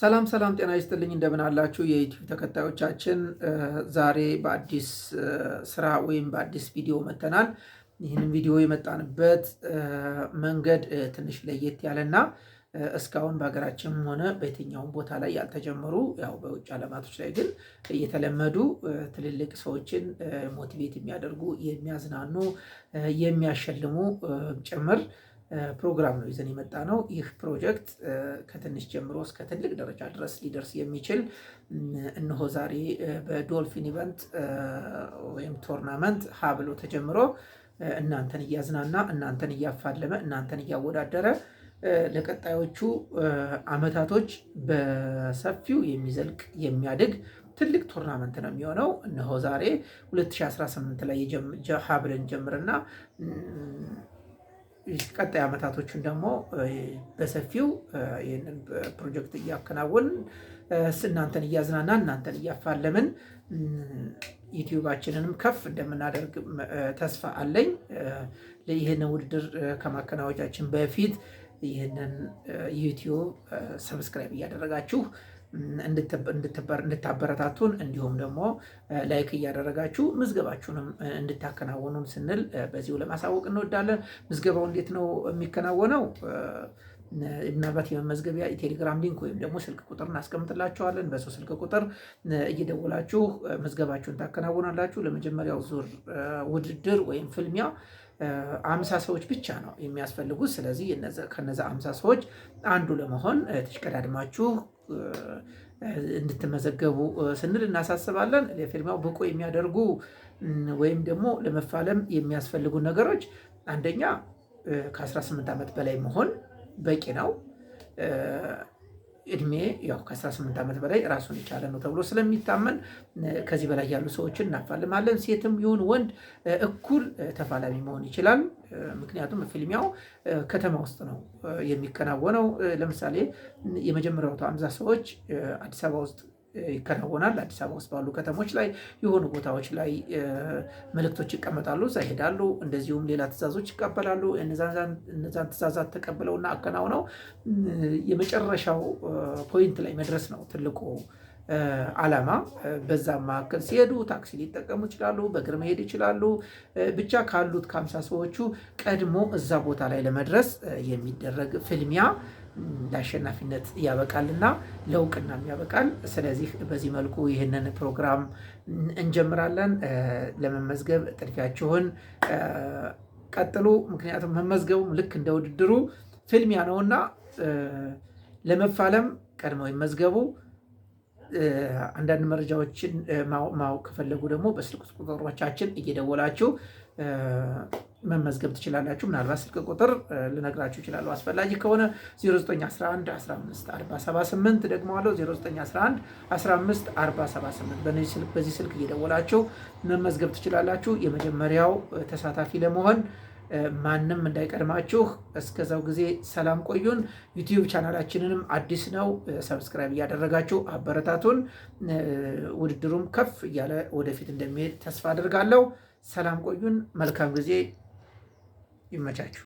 ሰላም ሰላም፣ ጤና ይስጥልኝ እንደምን አላችሁ የዩቲዩብ ተከታዮቻችን። ዛሬ በአዲስ ስራ ወይም በአዲስ ቪዲዮ መተናል። ይህንን ቪዲዮ የመጣንበት መንገድ ትንሽ ለየት ያለና እስካሁን በሀገራችንም ሆነ በየትኛውም ቦታ ላይ ያልተጀመሩ ያው በውጭ ዓለማቶች ላይ ግን እየተለመዱ ትልልቅ ሰዎችን ሞቲቬት የሚያደርጉ የሚያዝናኑ፣ የሚያሸልሙ ጭምር ፕሮግራም ነው ይዘን የመጣ ነው። ይህ ፕሮጀክት ከትንሽ ጀምሮ እስከ ትልቅ ደረጃ ድረስ ሊደርስ የሚችል እነሆ ዛሬ በዶልፊን ኢቨንት ወይም ቶርናመንት ሀ ብሎ ተጀምሮ እናንተን እያዝናና እናንተን እያፋለመ እናንተን እያወዳደረ ለቀጣዮቹ አመታቶች በሰፊው የሚዘልቅ የሚያድግ ትልቅ ቱርናመንት ነው የሚሆነው። እነሆ ዛሬ 2018 ላይ ሀ ብለን ጀምርና ቀጣይ ዓመታቶችን ደግሞ በሰፊው ይህንን ፕሮጀክት እያከናወን እናንተን እያዝናና እናንተን እያፋለምን ዩቲዩባችንንም ከፍ እንደምናደርግ ተስፋ አለኝ። ይህንን ውድድር ከማከናወቻችን በፊት ይህንን ዩቲዩብ ሰብስክራይብ እያደረጋችሁ እንድታበረታቱን እንዲሁም ደግሞ ላይክ እያደረጋችሁ ምዝገባችሁንም እንድታከናወኑን ስንል በዚሁ ለማሳወቅ እንወዳለን። ምዝገባው እንዴት ነው የሚከናወነው? ምናልባት የመመዝገቢያ የቴሌግራም ሊንክ ወይም ደግሞ ስልክ ቁጥር እናስቀምጥላቸዋለን። በሰው ስልክ ቁጥር እየደወላችሁ ምዝገባችሁን ታከናውናላችሁ። ለመጀመሪያው ዙር ውድድር ወይም ፍልሚያ አምሳ ሰዎች ብቻ ነው የሚያስፈልጉት። ስለዚህ ከነዚ አምሳ ሰዎች አንዱ ለመሆን ተሽቀዳድማችሁ እንድትመዘገቡ ስንል እናሳስባለን። ለፊርማው ብቁ የሚያደርጉ ወይም ደግሞ ለመፋለም የሚያስፈልጉ ነገሮች አንደኛ ከ18 ዓመት በላይ መሆን በቂ ነው። እድሜ ያው ከ18 ዓመት በላይ ራሱን የቻለ ነው ተብሎ ስለሚታመን ከዚህ በላይ ያሉ ሰዎችን እናፋልማለን። ሴትም ይሁን ወንድ እኩል ተፋላሚ መሆን ይችላል። ምክንያቱም ፊልሚያው ከተማ ውስጥ ነው የሚከናወነው። ለምሳሌ የመጀመሪያው ሃምሳ ሰዎች አዲስ አበባ ውስጥ ይከናወናል። አዲስ አበባ ውስጥ ባሉ ከተሞች ላይ የሆኑ ቦታዎች ላይ ምልክቶች ይቀመጣሉ፣ እዛ ይሄዳሉ። እንደዚሁም ሌላ ትእዛዞች ይቀበላሉ። እነዛን ትዕዛዛት ተቀብለውና አከናውነው የመጨረሻው ፖይንት ላይ መድረስ ነው ትልቁ ዓላማ። በዛ መካከል ሲሄዱ ታክሲ ሊጠቀሙ ይችላሉ፣ በእግር መሄድ ይችላሉ። ብቻ ካሉት ከአምሳ ሰዎቹ ቀድሞ እዛ ቦታ ላይ ለመድረስ የሚደረግ ፍልሚያ ለአሸናፊነት ያበቃልና ለእውቅናም ያበቃል። ስለዚህ በዚህ መልኩ ይህንን ፕሮግራም እንጀምራለን። ለመመዝገብ ጥድፊያችሁን ቀጥሉ። ምክንያቱም መመዝገቡም ልክ እንደ ውድድሩ ፍልሚያ ነውና ለመፋለም ቀድመው ይመዝገቡ። አንዳንድ መረጃዎችን ማወቅ ከፈለጉ ደግሞ በስልክ ቁጥሮቻችን እየደወላችሁ መመዝገብ ትችላላችሁ። ምናልባት ስልክ ቁጥር ልነግራችሁ ይችላሉ። አስፈላጊ ከሆነ 0911154078 ደግሞ አለው 0911154078 በዚህ ስልክ እየደወላችሁ መመዝገብ ትችላላችሁ። የመጀመሪያው ተሳታፊ ለመሆን ማንም እንዳይቀድማችሁ። እስከዛው ጊዜ ሰላም ቆዩን። ዩቲዩብ ቻናላችንንም አዲስ ነው፣ ሰብስክራይብ እያደረጋችሁ አበረታቱን። ውድድሩም ከፍ እያለ ወደፊት እንደሚሄድ ተስፋ አድርጋለሁ። ሰላም ቆዩን። መልካም ጊዜ ይመቻችሁ።